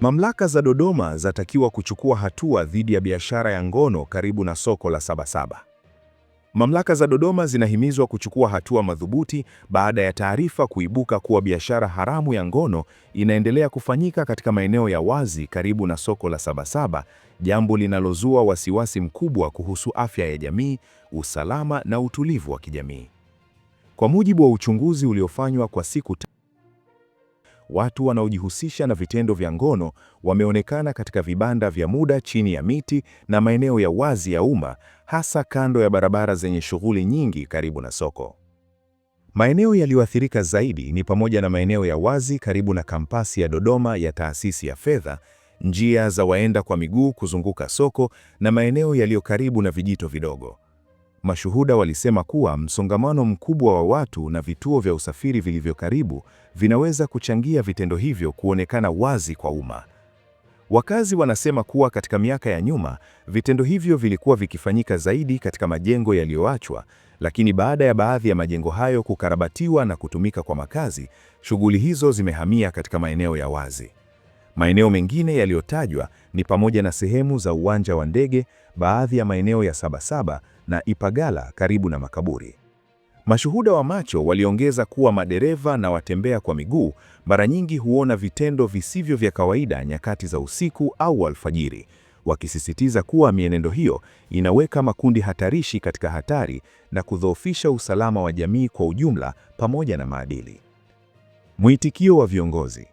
Mamlaka za Dodoma zatakiwa kuchukua hatua dhidi ya biashara ya ngono karibu na soko la Sabasaba. Mamlaka za Dodoma zinahimizwa kuchukua hatua madhubuti baada ya taarifa kuibuka kuwa biashara haramu ya ngono inaendelea kufanyika katika maeneo ya wazi karibu na soko la Sabasaba, jambo linalozua wasiwasi mkubwa kuhusu afya ya jamii, usalama na utulivu wa kijamii. Kwa mujibu wa uchunguzi uliofanywa kwa siku watu wanaojihusisha na vitendo vya ngono wameonekana katika vibanda vya muda chini ya miti na maeneo ya wazi ya umma, hasa kando ya barabara zenye shughuli nyingi karibu na soko. Maeneo yaliyoathirika zaidi ni pamoja na maeneo ya wazi karibu na kampasi ya Dodoma ya Taasisi ya Fedha, njia za waenda kwa miguu kuzunguka soko na maeneo yaliyo karibu na vijito vidogo. Mashuhuda walisema kuwa msongamano mkubwa wa watu na vituo vya usafiri vilivyo karibu vinaweza kuchangia vitendo hivyo kuonekana wazi kwa umma. Wakazi wanasema kuwa katika miaka ya nyuma, vitendo hivyo vilikuwa vikifanyika zaidi katika majengo yaliyoachwa, lakini baada ya baadhi ya majengo hayo kukarabatiwa na kutumika kwa makazi, shughuli hizo zimehamia katika maeneo ya wazi. Maeneo mengine yaliyotajwa ni pamoja na sehemu za uwanja wa ndege, baadhi ya maeneo ya Sabasaba na Ipagala karibu na makaburi. Mashuhuda wa macho waliongeza kuwa madereva na watembea kwa miguu mara nyingi huona vitendo visivyo vya kawaida nyakati za usiku au alfajiri, wakisisitiza kuwa mienendo hiyo inaweka makundi hatarishi katika hatari na kudhoofisha usalama wa jamii kwa ujumla pamoja na maadili. Mwitikio wa viongozi.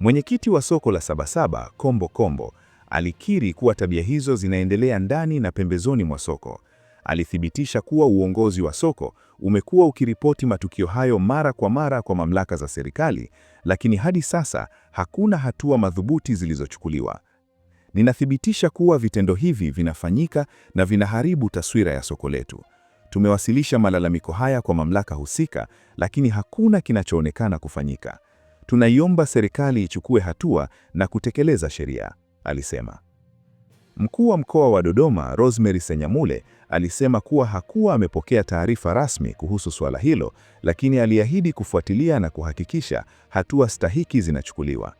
Mwenyekiti wa soko la Sabasaba, Kombo Kombo, alikiri kuwa tabia hizo zinaendelea ndani na pembezoni mwa soko. Alithibitisha kuwa uongozi wa soko umekuwa ukiripoti matukio hayo mara kwa mara kwa mamlaka za serikali, lakini hadi sasa hakuna hatua madhubuti zilizochukuliwa. Ninathibitisha kuwa vitendo hivi vinafanyika na vinaharibu taswira ya soko letu. Tumewasilisha malalamiko haya kwa mamlaka husika, lakini hakuna kinachoonekana kufanyika tunaiomba serikali ichukue hatua na kutekeleza sheria, alisema. Mkuu wa mkoa wa Dodoma Rosemary Senyamule alisema kuwa hakuwa amepokea taarifa rasmi kuhusu suala hilo, lakini aliahidi kufuatilia na kuhakikisha hatua stahiki zinachukuliwa.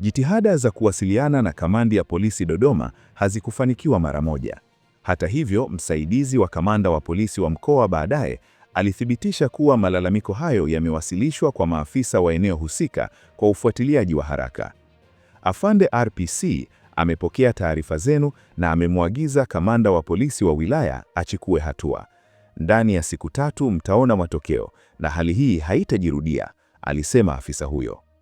Jitihada za kuwasiliana na kamandi ya polisi Dodoma hazikufanikiwa mara moja. Hata hivyo, msaidizi wa kamanda wa polisi wa mkoa baadaye alithibitisha kuwa malalamiko hayo yamewasilishwa kwa maafisa wa eneo husika kwa ufuatiliaji wa haraka. Afande RPC amepokea taarifa zenu na amemwagiza kamanda wa polisi wa wilaya achukue hatua. Ndani ya siku tatu mtaona matokeo na hali hii haitajirudia, alisema afisa huyo.